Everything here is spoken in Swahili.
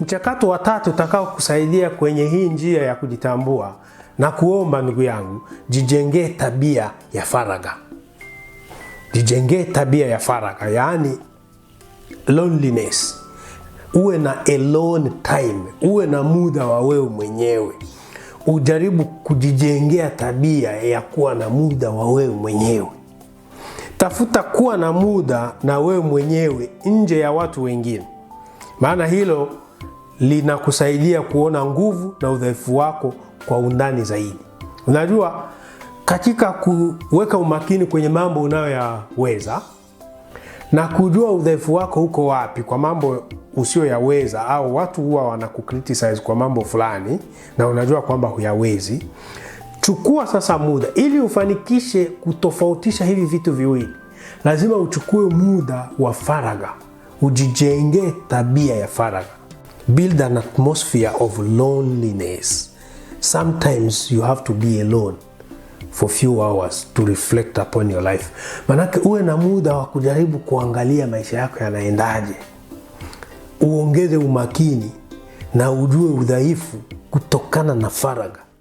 Mchakato wa tatu utakao kusaidia kwenye hii njia ya kujitambua na kuomba, ndugu yangu, jijengee tabia ya faraga, jijengee tabia ya faraga, yaani loneliness. Uwe na alone time, uwe na muda wa wewe mwenyewe. Ujaribu kujijengea tabia ya kuwa na muda wa wewe mwenyewe. Tafuta kuwa na muda na wewe mwenyewe nje ya watu wengine, maana hilo linakusaidia kuona nguvu na udhaifu wako kwa undani zaidi. Unajua, katika kuweka umakini kwenye mambo unayoyaweza na kujua udhaifu wako uko wapi kwa mambo usiyoyaweza, au watu huwa wanakukritisize kwa mambo fulani na unajua kwamba huyawezi. Chukua sasa muda ili ufanikishe kutofautisha hivi vitu viwili. Lazima uchukue muda wa faragha, ujijengee tabia ya faragha build an atmosphere of loneliness. Sometimes you have to be alone for few hours to reflect upon your life. Manake uwe na muda wa kujaribu kuangalia maisha yako yanaendaje, uongeze umakini na ujue udhaifu kutokana na faragha.